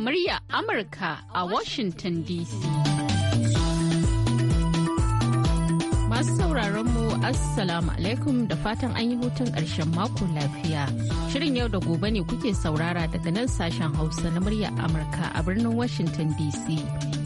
murya Amurka a Washington DC. Masu sauraron mu Assalamu alaikum da fatan an yi hutun ƙarshen mako lafiya. Shirin yau da gobe ne kuke saurara daga nan sashen Hausa na murya Amurka a birnin Washington DC.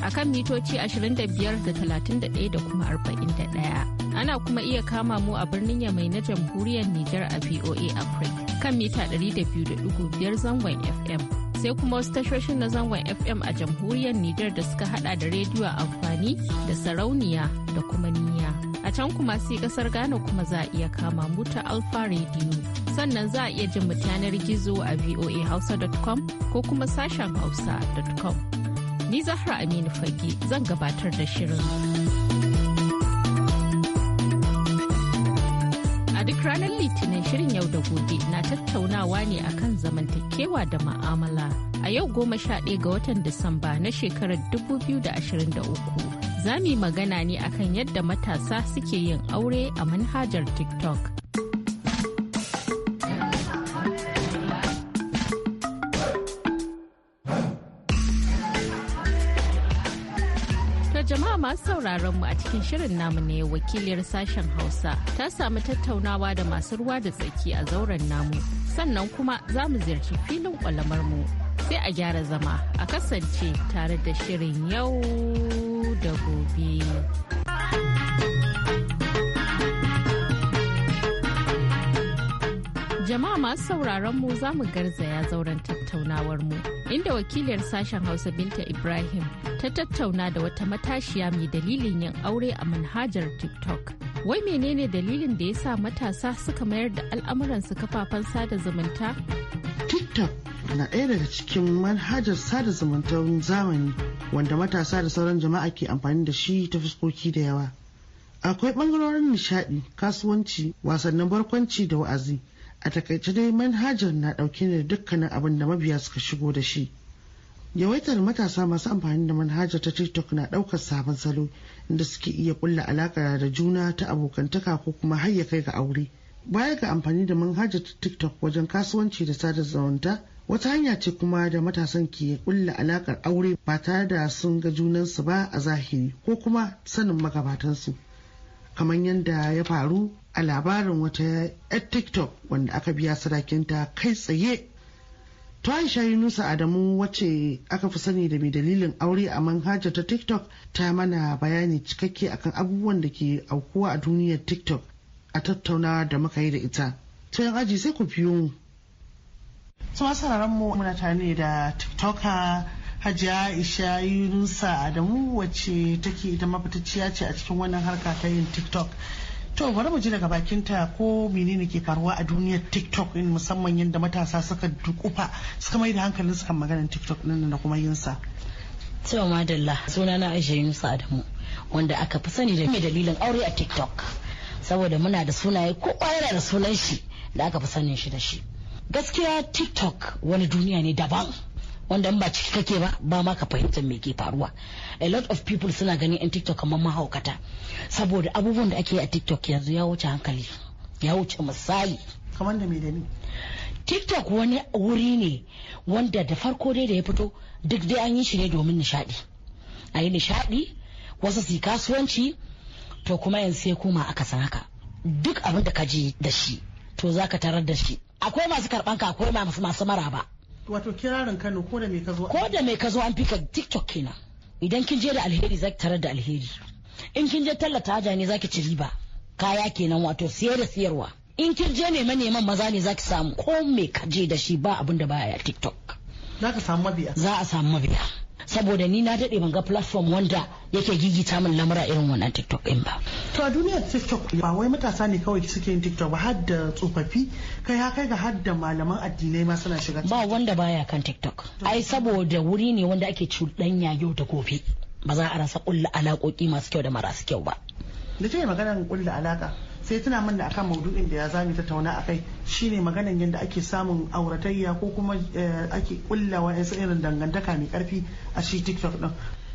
A kan mitoci 25 da 31 da kuma 41. ana kuma iya kama mu a birnin yamai na jamhuriyar Nijar a VOA Africa kan mita 200.5 zangon FM. sai kuma wasu tashoshin na zangon FM a jamhuriyar Nijar da suka hada da rediyo amfani da sarauniya da kuma niyya. A can kuma sai kasar Ghana kuma za a iya kama mu ta Alfa Radio. Sannan za a iya jin mu yanar gizo a voahausa.com ko kuma sashen hausa.com. Ni Zahra Aminu Fage zan gabatar da shirin. duk ranar litinin shirin yau da gobe na tattaunawa ne akan zamantakewa da ma'amala a yau goma sha ɗaya ga watan disamba na shekarar 2023 za mu yi magana ne akan yadda matasa suke yin aure a manhajar tiktok masu sauraron mu a cikin shirin namu ne wakiliyar sashen Hausa ta samu tattaunawa da masu ruwa da tsaki a zauren namu sannan kuma za mu ziyarci filin kwalamar mu sai a gyara zama a kasance tare da shirin yau da gobe. Jama'a masu sauraron mu za mu garzaya zauren tattaunawar mu inda wakiliyar sashen Hausa Binta Ibrahim ta tattauna da wata matashiya mai dalilin yin aure a manhajar TikTok. Wai menene dalilin da ya sa matasa suka mayar da al'amuransu kafafen sada zumunta? TikTok na ɗaya daga cikin manhajar sada zumunta zamani wanda matasa da sauran jama'a ke amfani da shi ta fuskoki da yawa. Akwai ɓangarorin nishaɗi, kasuwanci, wasannin barkwanci da wa'azi. a takaice dai manhajar na dauke da dukkanin abin da mabiya suka shigo da shi yawaitar matasa masu amfani da manhajar ta tiktok na daukar sabon salo inda suke iya kulla alaka da juna ta abokantaka ko kuma har kai ga aure baya ga amfani da manhajar ta tiktok wajen kasuwanci da sada zumunta wata hanya ce kuma da matasan ke kulla alakar aure ba tare da sun ga junansu ba a zahiri ko kuma sanin magabatansu kamar yadda ya faru a labarin wata 'yar tiktok wanda aka biya sadakinta kai tsaye to aisha yunusa adamu wace aka fi sani da mai dalilin aure a manhajar ta tiktok ta mana bayani cikakke akan abubuwan da ke aukuwa a duniyar tiktok a tattauna da muka yi da ita to yan aji sai ku biyo su mu muna tare da tiktoka hajiya aisha yunusa adamu wace take ita mafitaciya ce a cikin wannan harka ta yin tiktok To bari mu ji daga bakin ta ko menene ke karuwa a duniyar TikTok in musamman yadda matasa suka dukufa suka mai da hankalin su kan maganar TikTok din da kuma yin sa. To madalla suna na Aisha Yunusa Adamu wanda aka fi sani da mai dalilin aure a TikTok saboda muna da sunaye ko yana da sunan shi da aka fi sanin shi da shi. Gaskiya TikTok wani duniya ne daban. wanda ba ciki kake ba ba ma ka fahimtar me ke faruwa a lot of people suna ganin yan tiktok kamar mahaukata saboda abubuwan da ake yi a tiktok yanzu ya wuce hankali ya wuce misali kamar da me tiktok wani wuri ne wanda da farko dai da ya fito duk dai an yi shi ne domin nishadi a yi nishadi wasu su kasuwanci to kuma yanzu sai koma aka san haka duk abin da ka ji da shi to zaka tarar da shi akwai masu karban ka akwai masu maraba wato kirarin Kano ko da me ka zo ko da me ka zo an fika TikTok kenan idan kin je da alheri zaki tarar da alheri in kin je tallata haja ne zaki ci riba kaya kenan wato siye da siyarwa in kin je neman neman maza ne zaki samu ko me ka je da shi ba abin da baya TikTok za ka samu mabiya za a samu mabiya saboda ni na daɗe ban ga platform wanda yake gigita min lamura irin wannan tiktok in ba to a duniyar tiktok ba wai matasa ne kawai suke yin tiktok ba har da tsofaffi kai ya kai ga har da malaman addinai ma suna shiga ba wanda baya kan tiktok ai saboda wuri ne wanda ake cuɗanya yau da gobe ba za a rasa ƙulla alaƙoƙi masu kyau da marasu kyau ba da ce magana maganar ƙulla alaƙa sai tana min da akan maudu'in da ya zami tattauna kai shine maganan yadda ake samun auratayya ko kuma eh, ake wa yasa irin dangantaka mai karfi a shi TikTok ɗin.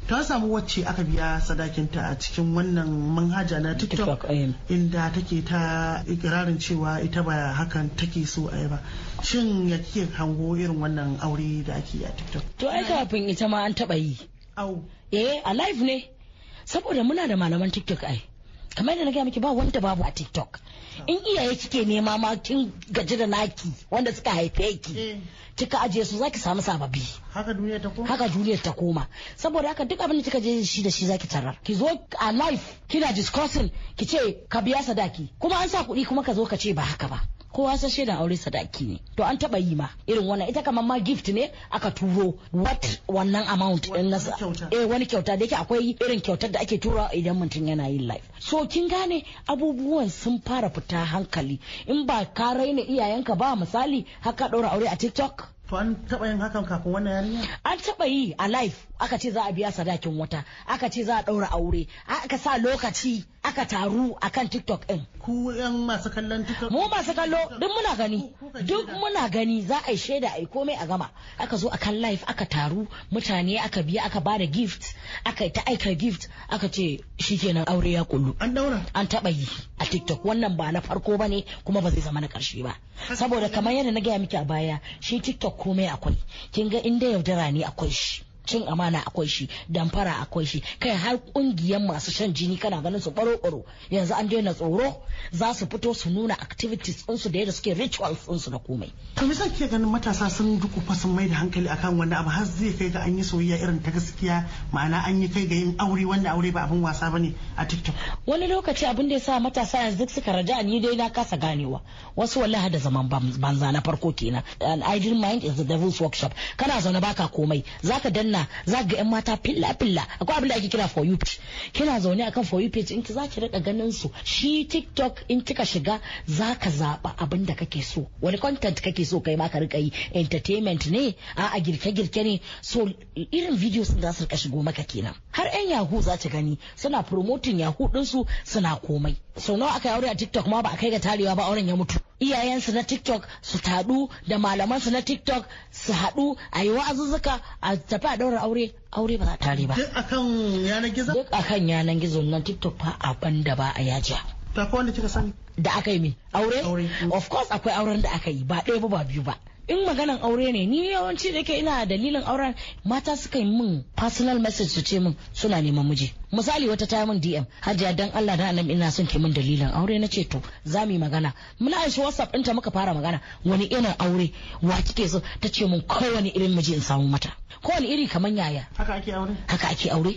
ta samu wacce aka biya sadakinta a cikin wannan manhaja na TikTok inda take ta ikirarin cewa ita ba hakan take so a ba shin ya kike hango irin wannan aure da ake yi a TikTok to ai kafin ita ma an taba yi au eh a live ne saboda muna da malaman TikTok ai kamar da na gaya miki ba wanda babu a tiktok in iyaye kike nema ma kin gaji da naki wanda suka haife ki eh. kika ajiye su zaki samu sababi haka duniya ta koma haka duniya ta koma saboda haka duk abin da kika je shi da shi zaki tarar ki zo a life kina discussing ki ce ka biya sadaki kuma an sa kuɗi kuma ka zo ka ce ba haka ba kowa sa shaidan aure sadaki ne to an taba yi ma irin wannan ita kamar ma gift ne aka turo what wannan amount din nasa eh wani kyauta da yake akwai irin kyautar da ake tura idan mutum yana yin life so kin gane abubuwan sun fara fita hankali in ba ka raina iyayenka ba misali haka ɗora aure a TikTok To an taɓa yin hakan kafin wannan yarinya? An taɓa yi a life aka ce za a biya sadakin wata aka ce za a ɗaura aure aka sa lokaci aka taru akan TikTok ɗin. Ku yan masu kallon TikTok? Mu masu kallo duk muna gani duk muna gani za a yi shaida a yi komai a gama aka zo akan life aka taru mutane aka biya aka bada gift aka ta aika gift aka ce shikenan aure ya kullu. An ɗaura? An taɓa yi a TikTok wannan ba na farko ba ne kuma ba zai zama na ƙarshe ba. Saboda kamar yadda na gaya miki a baya shi TikTok komai akwai kin ga inda yaudara ne akwai shi cin amana akwai shi damfara akwai shi kai har kungiyan masu shan jini kana ganin su baro baro yanzu an daina tsoro za su fito su nuna activities din su da yadda suke rituals din su na komai to me kike ganin matasa sun fa sun mai da hankali akan wanda abu har zai kai ga an yi soyayya irin ta gaskiya ma'ana an yi kai ga yin aure wanda aure ba abin wasa bane a TikTok wani lokaci abin da yasa matasa yanzu duk suka raja ni dai na kasa ganewa wasu wallahi da zaman banza na farko kenan an idle mind is the devil's workshop kana zauna baka komai zaka danna Allah za ga 'yan mata filla filla akwai abin da ake kira for you page kina zaune akan for you page in ki za ki rika ganin su shi TikTok in kika shiga za ka zaba abin da kake so wani content kake so kai ma ka rika yi entertainment ne a girke girke ne so irin videos da su rika shigo maka kenan har 'yan Yahoo za ta gani suna promoting Yahoo din su suna komai so nawa aka yi aure a TikTok ma ba a kai ga tarewa ba auren ya mutu iyayensu na tiktok su taɗu da malamansu na tiktok su haɗu a yi wa'azuzzuka a tafi a ɗaura aure aure ba za tare ba duk akan yanar gizo duk akan yanar gizo na tiktok fa a banda ba a yaja ta wanda kika sani da aka yi mi aure of course akwai auren da aka yi ba ɗaya ba ba biyu ba in maganan aure ne ni yawanci da ke ina dalilin auren mata suka yi min personal message su ce min suna neman miji misali wata ta min DM hajiya dan Allah da annabi ina son ke min dalilin aure na ce to za mu yi magana muna shi WhatsApp ɗinta muka fara magana wani irin aure wa kike so ta ce min kowane irin miji in samu mata kowane iri kamar yaya haka ake aure haka ake aure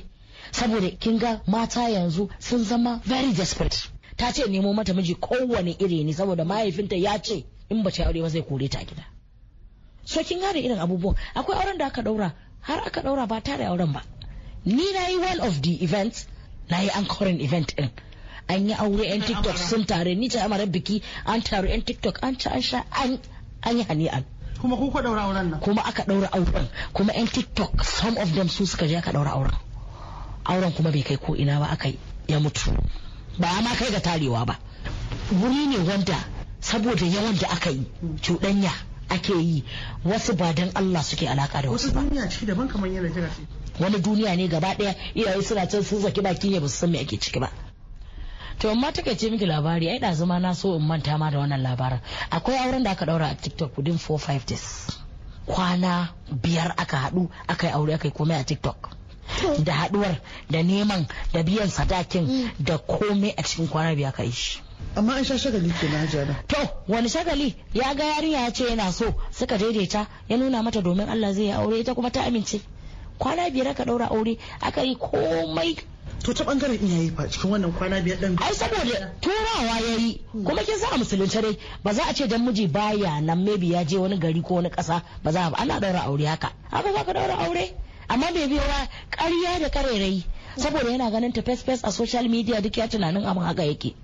saboda kin ga mata yanzu sun zama very desperate ta ce nemo mata miji kowane iri ne saboda mahaifinta ya ce in ba ce aure ba zai kore ta gida so kin gane irin abubuwan akwai auren da aka daura har aka daura ba tare auren ba ni na yi one of the events na yi current event din an yi aure yan tiktok sun tare ni ta amara biki an taru yan tiktok an ci an sha an yi hani an. kuma kuka daura auren nan kuma aka daura auren kuma yan tiktok some of them su suka je aka daura auren auren kuma bai kai ko ina ba aka ya mutu ba ma kai ga tarewa ba wuri ne wanda saboda yawan da aka yi cuɗanya ake yi wasu ba dan Allah suke alaka da wasu duniya ciki daban kamar yana jira wani duniya ne gaba daya iyaye suna can sun zaki baki ne ba su san me ake ciki ba to amma ce miki labari ai da zama na so in manta ma da wannan labarin akwai auren da aka daura a TikTok din 45 days kwana biyar aka haɗu aka yi aure aka yi komai a tiktok da haɗuwar da neman da biyan sadakin mm. da komai a cikin kwana biyar aka yi shi amma an sha shagali ke na jana. To wani shagali ya ga yarinya ya ce yana so suka daidaita ya nuna mata domin Allah zai yi aure ita kuma ta amince. Kwana biyar aka ɗaura aure aka yi komai. To ta bangaren iyaye fa cikin wannan kwana biyar ɗan. Ai saboda turawa ya yi kuma kin sa a musulunci dai ba za a ce dan miji baya nan maybe ya je wani gari ko wani ƙasa ba za a ba ana ɗaura aure haka. Haka za ka ɗaura aure amma bai biyo ba ƙarya da ƙarairayi. Saboda yana ganin ta fes fes a social media duk ya tunanin abin haka yake.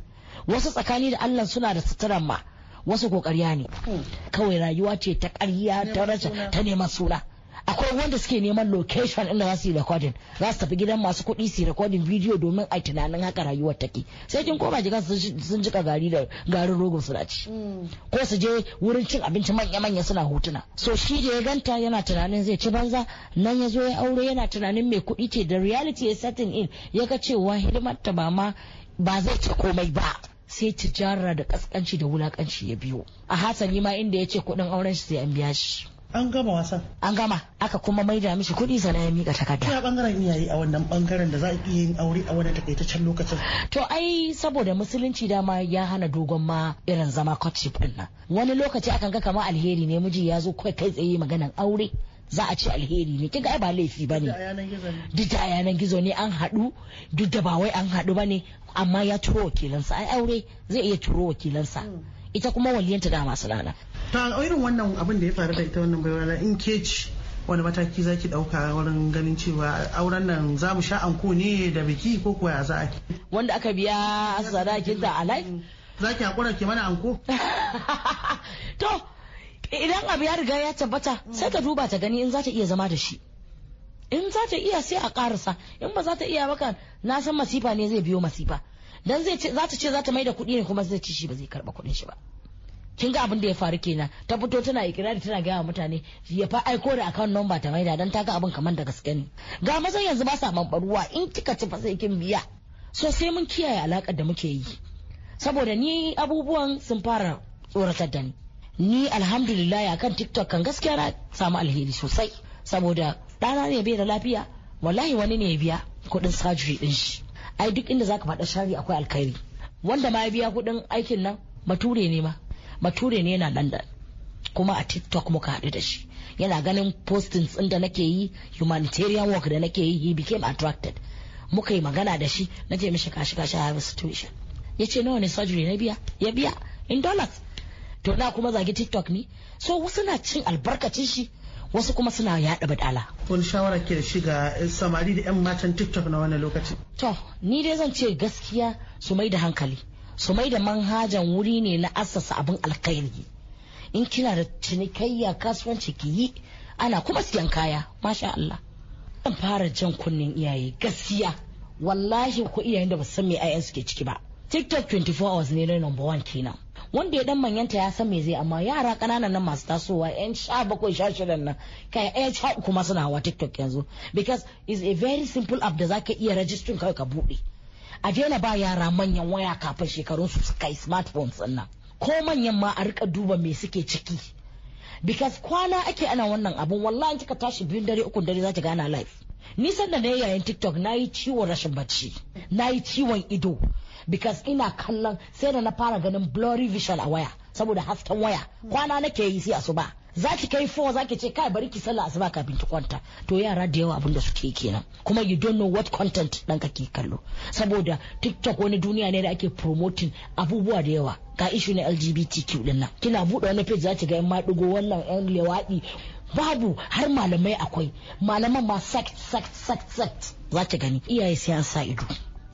wasu tsakani da Allah suna da suturan ma wasu kokariya ne hmm. kawai rayuwa ce ta ƙarya ta rashin ta neman suna akwai wanda suke neman location inda za su yi recording za su tafi gidan masu kuɗi su recording video domin a tunanin haka rayuwar take sai kin koma jigan sun jika gari da garin rogo suna ci hmm. ko su je wurin cin abinci manya manya suna hotuna so shi da ya ganta yana tunanin zai ci banza nan ya zo ya aure yana tunanin mai kuɗi ce da reality ya setting in ya ga cewa hidimar ta ba ma ba zai ci komai ba sai tijara da kaskanci da wulakanci ya biyo a hasali ma inda ya ce kuɗin auren shi sai an biya shi an gama wasan an gama aka kuma maida mishi kuɗi sana ya mika takarda ya bangaren iyaye a wannan bangaren da za a iya yin aure a wani takaitaccen lokacin to ai saboda musulunci dama ya hana dogon ma irin zama courtship din nan wani lokaci akan ga kamar alheri ne miji ya zo kai tsaye maganan aure za a ce alheri ne kiga ba laifi ba ne duk da yanan gizo ne an haɗu duk da ba wai an haɗu ba ne amma ya turo wakilansa ai aure zai iya turo wakilansa ita kuma waliyanta da masu lana ta irin wannan abin da ya faru da ita wannan baiwa in ke wani mataki zaki dauka wurin ganin cewa auren nan za mu sha anko ne da biki ko kuwa za a wanda aka biya asada kinta a live za ki haƙura ke mana anko to idan abu ya riga ya tabbata sai ka duba ta gani in za ta iya zama da shi in za ta iya sai a karasa in ba za ta iya baka na san masifa ne zai biyo masifa dan zai za ta ce za ta mai da kuɗi ne kuma zai ci shi ba zai karba kuɗin shi ba kin ga abin da ya faru kenan ta fito tana ikirari tana gaya mutane ya fa aiko da account number ta maida dan ta ga abin kamar da gaske ne ga mazan yanzu ba sa mambaruwa in kika ci fa sai kin biya so sai mun kiyaye alakar da muke yi saboda ni abubuwan sun fara tsoratar da ni ni alhamdulillah akan tiktok kan gaskiya na samu alheri sosai saboda ɗana ne bai da lafiya wallahi wani ne ya biya kuɗin surgery din shi ai duk inda zaka faɗa shari akwai alkhairi wanda ma ya biya kuɗin aikin nan bature ne ma bature ne yana london kuma a tiktok muka haɗu da shi yana ganin postings ɗin da nake yi humanitarian work da nake yi he became attracted muka yi magana da shi na je mishi kashi kashi a situation ya ce nawa ne surgery na biya ya biya in dollars to na kuma zagi tiktok ne so wasu na cin albarkacin shi wasu kuma suna yaɗa badala. Wani shawara ke da shiga samari da 'yan matan TikTok na wannan lokaci? To, ni dai zan ce gaskiya su mai da hankali, su mai da manhajan wuri ne na assasa abin alkhairi. In kina da cinikayya kasuwanci ki yi, ana kuma siyan kaya, masha Allah. Zan fara jan kunnen iyaye gaskiya, wallahi ko iyayen da ba san me 'ya'yan suke ciki ba. TikTok 24 hours ne na number 1 kenan. wanda ya dan manyanta ya san me zai amma yara kananan nan masu tasowa yan sha bakwai sha shidan nan kai yan sha kuma suna hawa tiktok yanzu because is a very simple app da zaka iya rajistun kawai ka buɗe. a daina ba yara manyan waya kafin shekarun su kai smartphones din nan ko manyan ma a rika duba me suke ciki because kwana ake ana wannan abun wallahi kika tashi biyun dare ukun dare za ta gana live nisan da na yayin tiktok na yi ciwon rashin bacci na yi ciwon ido because ina kallon sai da na fara ganin blurry vision a waya saboda hasken waya kwana nake yi sai asuba Zaki ki kai fo za ce kai bari ki sallah asuba kafin ki kwanta to yara da yawa abin suke kenan kuma you don't know what content dan kake kallo saboda tiktok wani duniya ne da ake promoting abubuwa da yawa ga issue na lgbtq din nan kina buɗe wani page za ga yan maɗigo wannan yan lewaɗi babu har malamai akwai malaman ma sect sect sect sect za gani iyaye sai an sa ido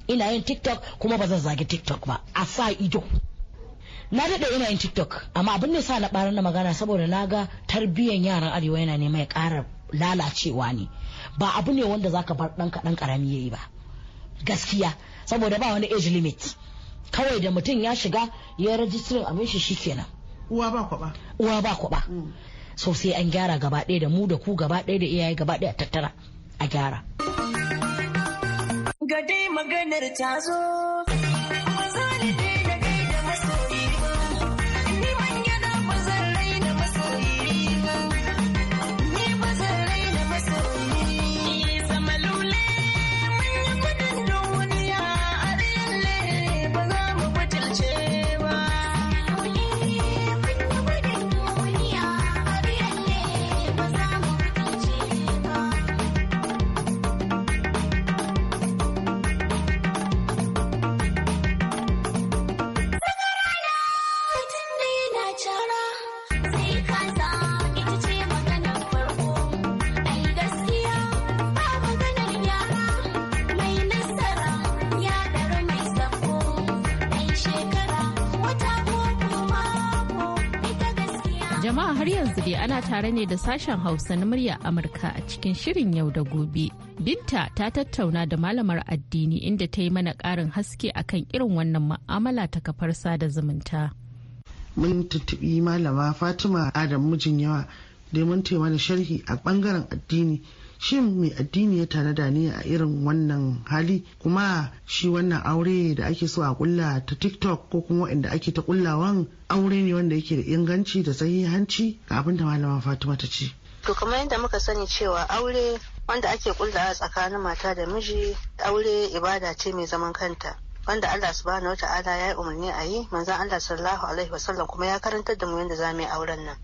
ina yin tiktok kuma ba zan zagi tiktok ba a sa ido na daɗe ina yin tiktok amma abin da sa na ɓarar na magana saboda na ga tarbiyyan yaran arewa yana nema ya ƙara lalacewa ne ba abu ne wanda zaka bar ɗan kaɗan ƙarami ya yi ba gaskiya saboda ba wani age limit kawai da mutum ya shiga ya rajistirin abin shi kenan. uwa ba kwaba uwa ba kwaba mm. sosai an gyara gaba ɗaya da mu da ku gaba ɗaya da iyaye gaba ɗaya tattara a gyara. dai maganar ta zo. kuna tare ne da sashen Hausa na murya Amurka a cikin shirin yau da gobe. Binta ta tattauna da malamar addini inda ta yi mana ƙarin haske akan irin wannan ma'amala ta kafar sada zumunta. Mun tuntuɓi malama Fatima Adam mijin yawa domin taimaka mana sharhi a bangaren addini shin mai addini ya tanada ne a irin wannan hali kuma shi wannan aure da ake so a kulla ta tiktok ko kuma waɗanda ake ta kullawan aure ne wanda yake da inganci da sahihanci ga abin da malama fatima ta ce to kamar yadda muka sani cewa aure wanda ake kullawa tsakanin mata da miji aure ibada ce mai zaman kanta wanda Allah subhanahu wa ta'ala ya yi umarni a yi manzon Allah sallallahu alaihi wasallam kuma ya karantar da mu yadda za mu yi auren nan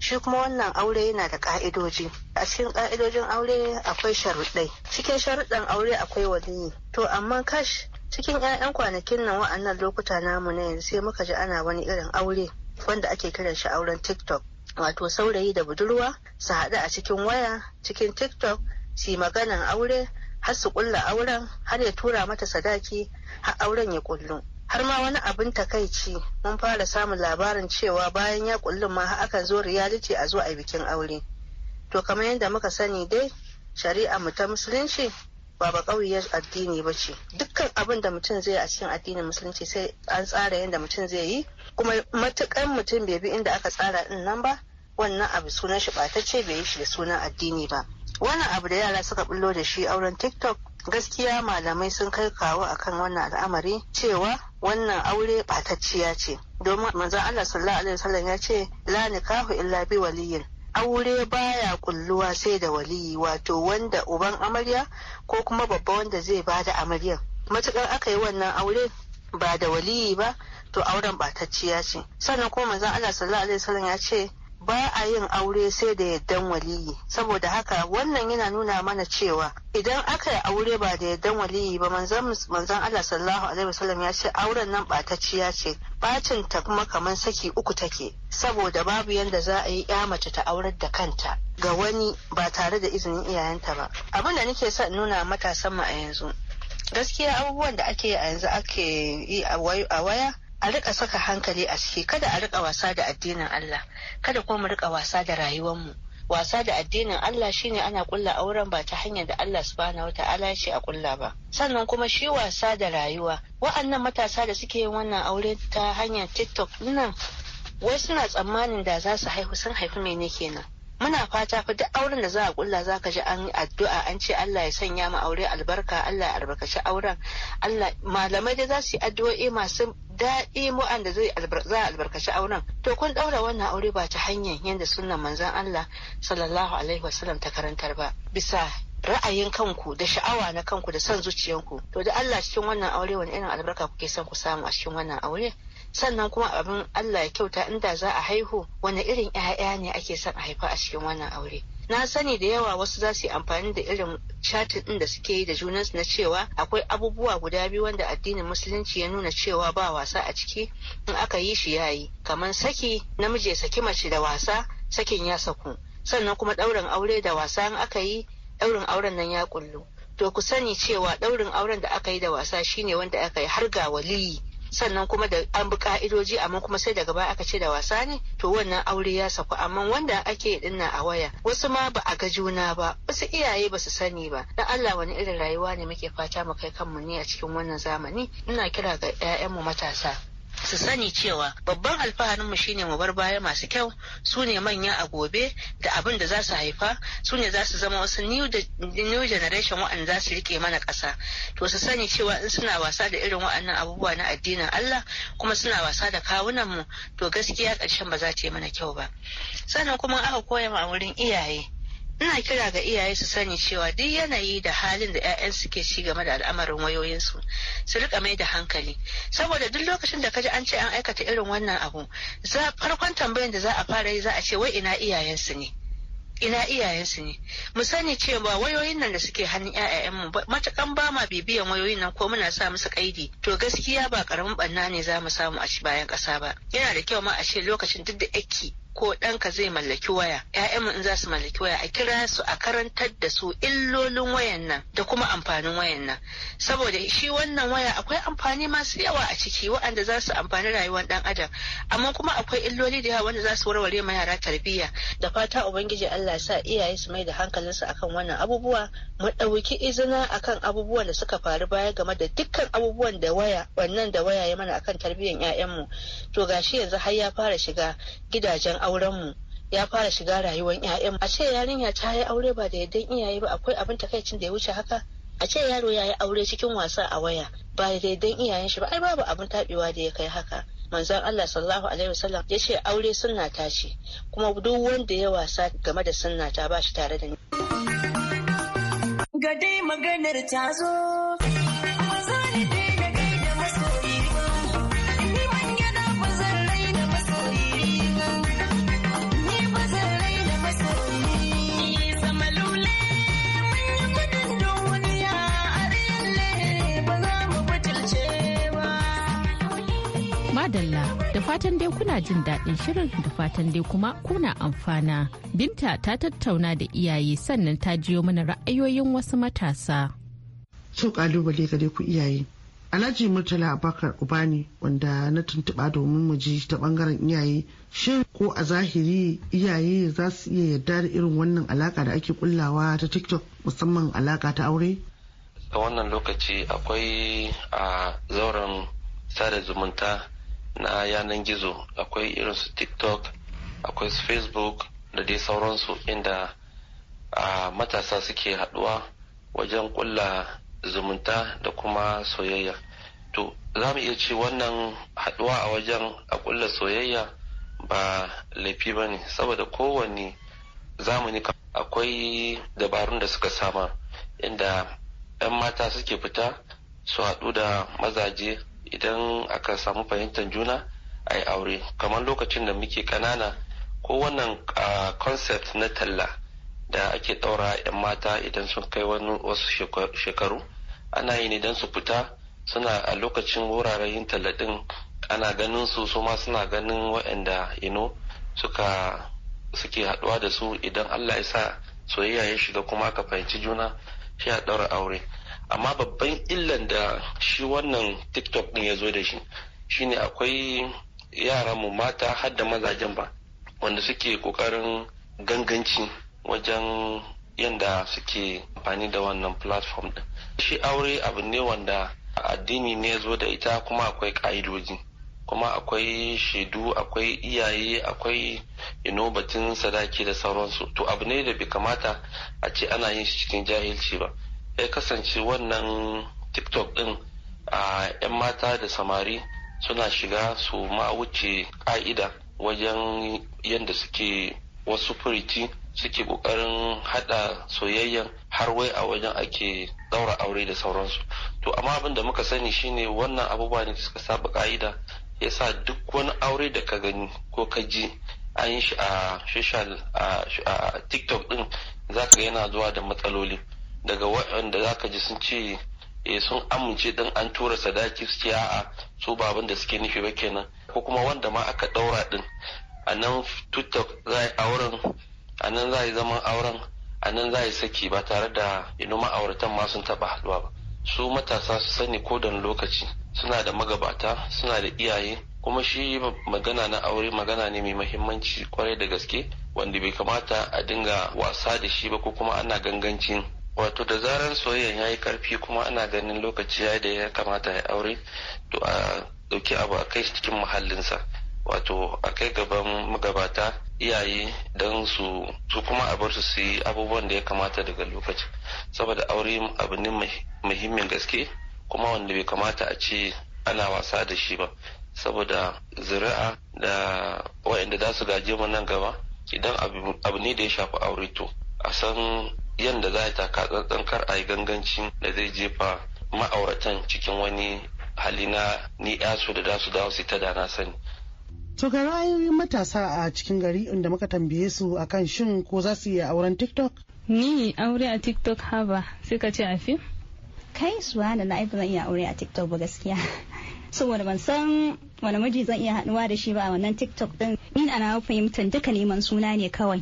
shi kuma wannan aure yana da ka'idoji a cikin ka'idojin aure akwai sharuɗai cikin sharuɗan aure akwai waliyi to amma kash cikin 'ya'yan kwanakin nan wa'annan lokuta namu na yanzu sai muka ji ana wani irin aure wanda ake kiran shi auren tiktok wato saurayi da budurwa su haɗu a cikin waya cikin tiktok su maganan aure har su ƙulla auren har ya tura mata sadaki har auren ya ƙullu har ma wani abin takaici mun fara samun labarin cewa bayan ya kullum ma akan zo reality a zo a bikin aure to kamar yadda muka sani dai shari'a mu ta musulunci ba ba addini ba ce dukkan abin da mutum zai a cikin addinin musulunci sai an tsara yadda mutum zai yi kuma matukan mutum bai bi inda aka tsara din nan ba wannan abu sunan shi ce bai yi shi da sunan addini ba wannan abu da yara suka bullo da shi auren tiktok gaskiya malamai sun kai kawo akan wannan al'amari cewa wannan aure batacciya ce domin manzon Allah sallallahu alaihi wasallam ya ce la nikahu illa bi waliyin aure baya kulluwa sai da waliyi wato wanda uban amarya ko kuma babba wanda zai bada amaryar. matukar aka yi wannan aure ba da waliyi ba to auren batacciya ce sannan kuma manzon Allah sallallahu alaihi wasallam ya ce ba a yin aure sai da yaddan waliyi saboda haka wannan yana nuna mana cewa idan aka yi aure ba da yaddan waliyi ba manzon Allah sallallahu alaihi wasallam ya ce auren nan ɓatacciya ce bacin ta kuma kamar saki uku take saboda babu yanda za a yi ya mace ta aurar da kanta ga wani ba tare da izinin iyayenta ba abin da nake son nuna matasan mu a yanzu gaskiya abubuwan da ake yi a yanzu ake yi a waya a rika saka hankali a ciki kada a rika wasa da addinin Allah kada kuma mu rika wasa da rayuwar mu. wasa da addinin Allah shine ana kulla auren ba ta hanyar da Allah subhanahu wata'ala ya ce a kulla ba sannan kuma shi wasa da rayuwa wa'annan matasa da suke yin wannan aure ta hanyar TikTok nan wai suna tsammanin da za su haihu sun haifi mene kenan muna fata fa duk auren da za a kulla za ka ji an yi addu'a an ce Allah ya sanya mu aure albarka Allah ya albarkaci auren Allah malamai dai za su yi addu'o'i masu daɗi mu'an da zai za a albarkaci auren to kun ɗaura wannan aure ba ta hanyar yadda sunan manzon Allah sallallahu alaihi wasallam ta karantar ba bisa ra'ayin kanku da sha'awa na kanku da son zuciyanku to da Allah cikin wannan aure wani irin albarka kuke son ku samu a cikin wannan aure sannan kuma abin Allah ya kyauta inda za a haihu wani irin 'ya'ya ne ake son a haifa a cikin wannan aure na sani da yawa wasu za su yi amfani da irin shatin ɗin da suke yi da junansu na cewa akwai abubuwa guda biyu wanda addinin musulunci ya nuna cewa ba wasa a ciki in aka yi shi ya yi. kamar saki namiji ya saki mace da wasa sakin ya saku sannan kuma ɗaurin aure da wasa in aka yi ɗaurin auren nan ya kullu to ku sani cewa ɗaurin auren da aka yi da wasa shine wanda aka yi har ga waliyi sannan kuma da an bi ka'idoji amma kuma sai daga baya aka ce da wasa ne to wannan aure ya saku amma wanda ake dinna a waya wasu ma ba a ga juna ba wasu iyaye ba su sani ba dan Allah wani irin rayuwa ne muke fata mu kai kanmu ne a cikin wannan zamani ina kira ga 'ya'yanmu matasa su sani cewa babban alfaharinmu shine mu bar baya masu kyau su ne manya a gobe da abin da za su haifa su ne za su zama wasu new generation waɗanda za su rike mana ƙasa to su sani cewa in suna wasa da irin waɗannan abubuwa na addinin Allah kuma suna wasa da kawunanmu to gaskiya ƙarshen ba za ta yi mana kyau ba sannan kuma aka koya ma wurin iyaye ina kira ga iyaye su sani cewa duk yanayi da halin da 'ya'yan suke ci game da al'amarin wayoyinsu su rika mai da hankali saboda duk lokacin da ka ji an ce an aikata irin wannan abu za farkon tambayan da za a fara yi za a ce wai ina iyayensu ne ina iyayensu ne mu sani cewa wayoyin nan da suke hannun mu matakan ba ma bibiyan wayoyin nan ko muna sa musu kaidi to gaskiya ba karamin banna ne za mu samu a bayan ƙasa ba yana da kyau ma a ce lokacin duk da ake ko ɗanka zai mallaki waya mu in za su mallaki waya a kira su a karantar da su illolin wayan nan da kuma amfanin wayan nan saboda shi wannan waya akwai amfani masu yawa a ciki waɗanda za su amfani rayuwar ɗan adam amma kuma akwai illoli da yawa wanda za su warware ma yara tarbiyya da fata ubangiji Allah sa iyaye su mai da hankalinsu akan wannan abubuwa mu ɗauki izina akan abubuwan da suka faru baya game da dukkan abubuwan da waya wannan da waya ya mana akan tarbiyyar 'ya'yanmu to gashi yanzu har ya fara shiga gidajen auren mu ya fara shiga rayuwar ƴaƴan a ce yarinya ta yi aure ba da yardan iyaye ba akwai abin takaicin da ya wuce haka a ce yaro ya yi aure cikin wasa a waya ba da yardan iyayen shi ba ai babu abin taɓewa da ya kai haka manzon Allah sallallahu alaihi wasallam ya ce aure sunna ta ce kuma duk wanda ya wasa game da sunna ta ba shi tare da ni. dai maganar ta zo. madalla da fatan dai kuna jin daɗin shirin da fatan dai kuma kuna amfana binta ta tattauna da iyaye sannan ta jiyo mana ra'ayoyin wasu matasa So kalubale ga ku iyaye alhaji murtala abakar ubani wanda na tuntuɓa domin mu ji ta bangaren iyaye shin ko a zahiri iyaye za su iya yarda da irin wannan alaka da ake kullawa ta tiktok musamman alaka ta aure a wannan lokaci akwai a zauren sada zumunta na yanar gizo akwai irin su tiktok akwai su facebook da dai sauransu inda a matasa suke haɗuwa wajen ƙulla zumunta da kuma soyayya to za mu iya ce wannan haɗuwa a wajen a ƙulla soyayya ba laifi ba ne saboda kowanne zamani akwai dabarun da suka sama inda 'yan mata suke fita su haɗu da mazaje idan aka samu fahimtar juna a yi aure kamar lokacin da muke ƙanana ko wannan concept na talla da ake ɗaura 'yan mata idan sun kai wani wasu shekaru ana yi ne don su fita suna a lokacin wuraren yin talla ɗin ana ganin su su ma suna ganin waɗanda ino suka suke haɗuwa da su idan allah ya sa soyayya ya shiga kuma aka fahimci juna shi a ɗaura aure amma babban illan da shi wannan tiktok din ya zo da shi shine akwai yaran mu mata har da mazajen ba wanda suke kokarin ganganci wajen yadda suke amfani da wannan platform ɗin. shi aure abu ne wanda addini ne zo da ita kuma akwai ka'idoji kuma akwai shaidu akwai iyaye akwai ino batun sadaki da sauransu to abu ne da bai kamata a ce ana yin shi cikin jahilci ba ya kasance wannan tiktok din a 'yan mata da samari suna shiga su ma wuce ka'ida wajen yadda suke wasu furici suke ƙoƙarin haɗa soyayyen har wai a wajen ake daura aure da sauransu to amma abin da muka sani shine wannan abubuwa ne suka saba ka'ida sa duk wani aure da ka gani ko ka ji an yi shi a tiktok din zaka yana zuwa da matsaloli daga waɗanda za ka ji sun ce e sun amince din an tura sadaki su ce a'a su ba abin da suke nufi ba kenan ko kuma wanda ma aka ɗaura din a nan tutta za a yi auren a nan za a yi zaman auren a nan za a yi saki ba tare da inu ma'auratan ma sun taɓa haɗuwa ba su matasa su sani ko da lokaci suna da magabata suna da iyaye kuma shi magana na aure magana ne mai mahimmanci kwarai da gaske wanda bai kamata a dinga wasa da shi ba ko kuma ana gangancin wato da zarar soyayyan ya yi karfi kuma ana ganin lokaci ya da ya kamata ya aure to a dauki abu a kai cikin muhallinsa wato a kai gaban magabata iyaye don su kuma a bar su su yi abubuwan da ya kamata daga lokaci saboda aure abu ne muhimmin gaske kuma wanda bai kamata a ce ana wasa da shi ba saboda zuri'a da waɗanda za su gaje mu nan gaba idan abu ne da ya shafi aure to a san yadda za a taka tsantsan kar a yi gangancin da zai jefa ma'auratan cikin wani hali na ni yasu da dasu dawo su ta na sani. To ga ra'ayoyin matasa a cikin gari inda muka tambaye su akan shin ko za su iya auren TikTok? Ni aure a TikTok haba suka ce a fim? Kai suwa da na zan iya aure a TikTok ba gaskiya. saboda ban san wani miji zan iya haɗuwa da shi ba a wannan tiktok din ni ana fahimtar duka neman suna ne kawai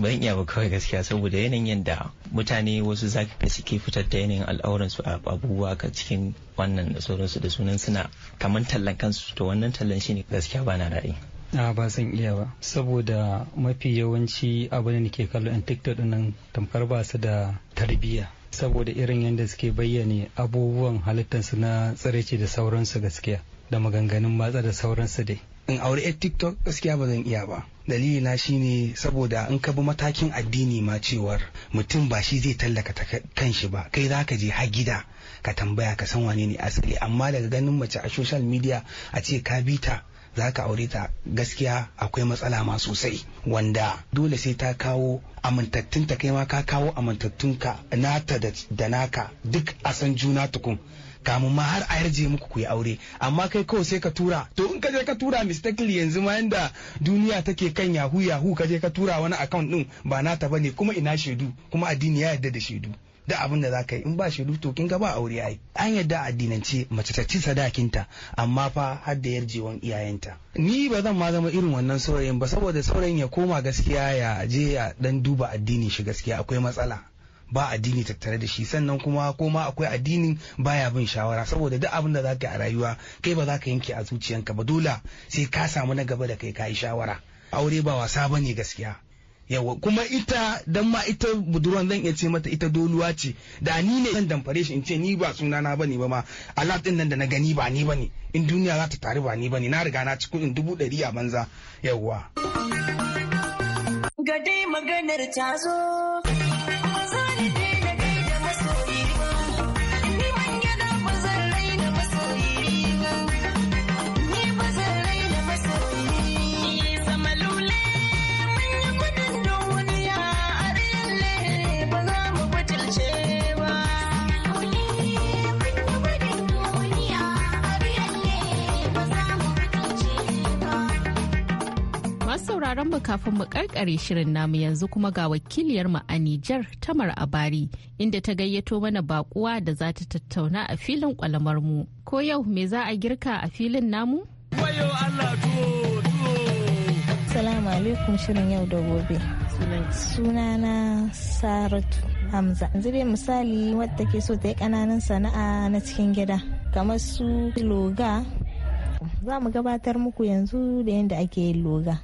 ban iya ba kawai gaskiya saboda yanayin yadda mutane wasu zafi suke fitar da yanayin su a abubuwa ka cikin wannan da sauransu da sunan suna kamar tallan kansu to wannan tallan shine gaskiya ba na daɗi a ba san iya ba saboda mafi yawanci abin da ke kallo in tiktok nan tamkar ba su da tarbiyya saboda irin yadda suke bayyane abubuwan halittar su na tsiraici da sauransu gaskiya da maganganun matsa da sauransu dai in aure tiktok gaskiya ba zan iya ba dalili na shine saboda in ka bi matakin addini ma cewar mutum ba shi zai tallaka kanshi ba kai za ka je har gida ka tambaya ka san wane ne asali amma daga ganin mace a social media a ce ka bi ta za ka aure ta gaskiya akwai matsala ma sosai wanda dole sai ta kawo amintattun ta kai ma ka kawo amintattun ka nata da naka duk a san juna tukun kamun ma har a yarje muku ku yi aure amma kai kawai sai ka tura to in ka je ka tura kli yanzu ma yanda duniya take kan yahu yahu ka je ka tura wani account din ba nata bane kuma ina shaidu kuma addini ya yarda da shaidu da abin da za ka yi in ba shaidu to kin ga ba aure ai an yarda addinance mace ta ci sadakinta amma fa har da yarjewan iyayenta ni ba zan ma zama irin wannan saurayin ba saboda saurayin ya koma gaskiya ya je ya dan duba addinin shi gaskiya akwai matsala ba addini tattare da shi sannan kuma ko akwai addinin baya bin shawara saboda duk abin da zaka yi a rayuwa kai ba za ka yanke a zuciyanka ba dole sai ka samu na gaba da kai ka yi shawara aure ba wasa bane gaskiya yawa kuma ita dan ma ita budurwan zan iya ce mata ita doluwa ce da ni ne zan damfare shi in ce ni ba sunana bane ba ma Allah din nan da na gani ba ni bane in duniya za ta taru ba ni bane na riga na ci kudin dubu ɗari a banza yawa gade dai maganar ta sauraron mu kafin mu karkare shirin namu yanzu kuma ga wakiliyar mu a Nijar Tamar Abari inda ta gayyato mana bakuwa da za ta tattauna a filin kwalamarmu mu. Ko yau me za a girka a filin namu? Wayo Allah Salamu alaikum shirin yau da gobe. Sunana Saratu Hamza. Yanzu dai misali wadda take so ta yi kananan sana'a na cikin gida kamar su loga za mu gabatar muku yanzu da yadda ake yin loga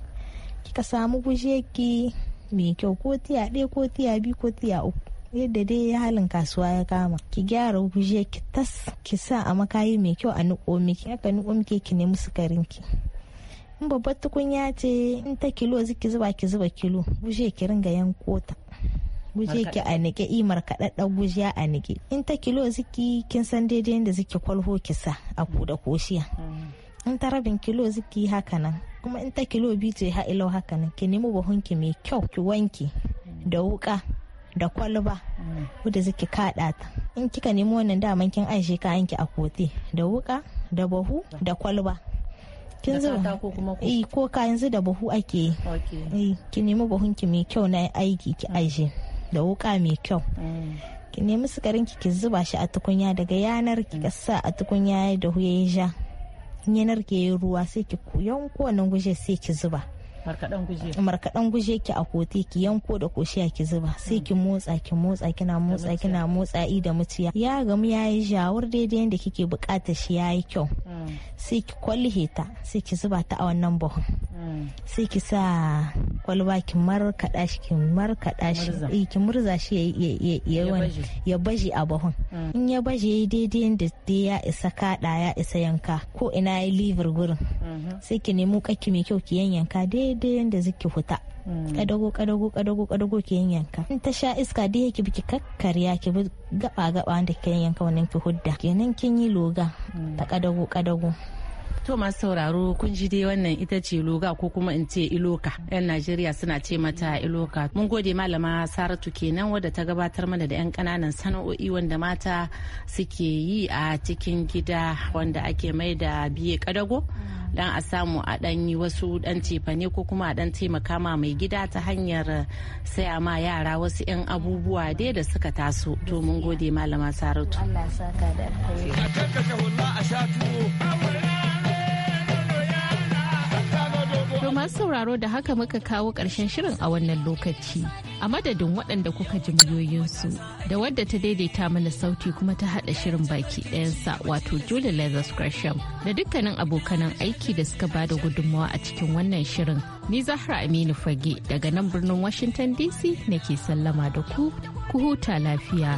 ka samu gujeki mai kyau ko tiya ɗaya ko tiya biyu ko tiya uku yadda dai halin kasuwa ya kama ki gyara guje ki tas ki sa a makayi mai kyau a niƙo miki aka niƙo miki ki nemi sukarin ki in babbar tukunya ce in ta kilo ziki zuba ki zuba kilo guje ki ringa yanko ta guje ki a niƙe imar kaɗaɗɗa gujiya a niƙe in ta kilo ziki kin san daidai yadda ziki kwalho ki sa a kuda koshiya. Mm -hmm. in ta rabin kilo ziki haka nan kuma in ta kilo biyu ce ha ilau haka nan ki nemi buhunki mai kyau ki wanki da wuka da kwalba wadda ziki kada ta in kika nemi wannan daman kin aishe kayan ki a kote da wuka da bahu da kwalba kin zo eh ko ka yanzu da bahu ake yi eh, ki nemi buhunki mai kyau na aiki ki mm. aishe da wuka mai kyau mm. ki nemi sukarin ki ki zuba shi a tukunya daga yanar ki mm. sa a tukunya da huye ja in ya narke ruwa sai ki yanko wannan gushe sai ki zuba markaɗan guje markaɗan guje ki a kote ki yanko da koshiya ki zuba sai ki motsa ki motsa kina motsa kina motsa i da muciya ya gamu yayi jawur daidai yanda kike bukata shi yayi kyau mm. sai ki kwalhe ta sai ki zuba ta a wannan buhun mm. sai ki sa kwalba ki markaɗa shi ki markaɗa shi eh, ki murza shi ya baje a bahon mm. in ya baje daidai yadda ya isa kaɗa ya isa yanka ko ina ya liver gurin mm-hmm. sai ki nemo kakki mai kyau ki yanyanka daidai daidai yadda zaki huta hmm. kadago kadago kadago kadago yin yanka in ta sha iska da yake biki kakkarya ki bi gaba gaba wanda yin yanka wannan ki hudda kenan kin yi loga hmm. ta kadago kadago To masu sauraro kun ji dai wannan ita ce loga ko kuma in ce iloka. 'Yan Najeriya suna ce mata iloka. Mun gode malama Saratu kenan wadda ta gabatar mana da 'yan kananan sana'o'i wanda mata suke yi a cikin gida wanda ake mai da biye kadago. dan a samu a dan yi wasu dan cefane ko kuma a dan taimaka ma mai gida ta hanyar saya ma yara wasu 'yan abubuwa dai da suka taso to mun gode malama saratu Allah saka da a To masu sauraro da haka muka kawo ƙarshen shirin a wannan lokaci. A madadin waɗanda kuka ji muryoyinsu da wadda ta daidaita mana sauti kuma ta haɗa shirin baki ɗayansa wato Julie Lazarus Gresham da dukkanin abokanan aiki da suka ba da gudunmawa a cikin wannan shirin. Ni Zahra Aminu Fage daga nan birnin Washington DC nake sallama da ku, ku huta lafiya.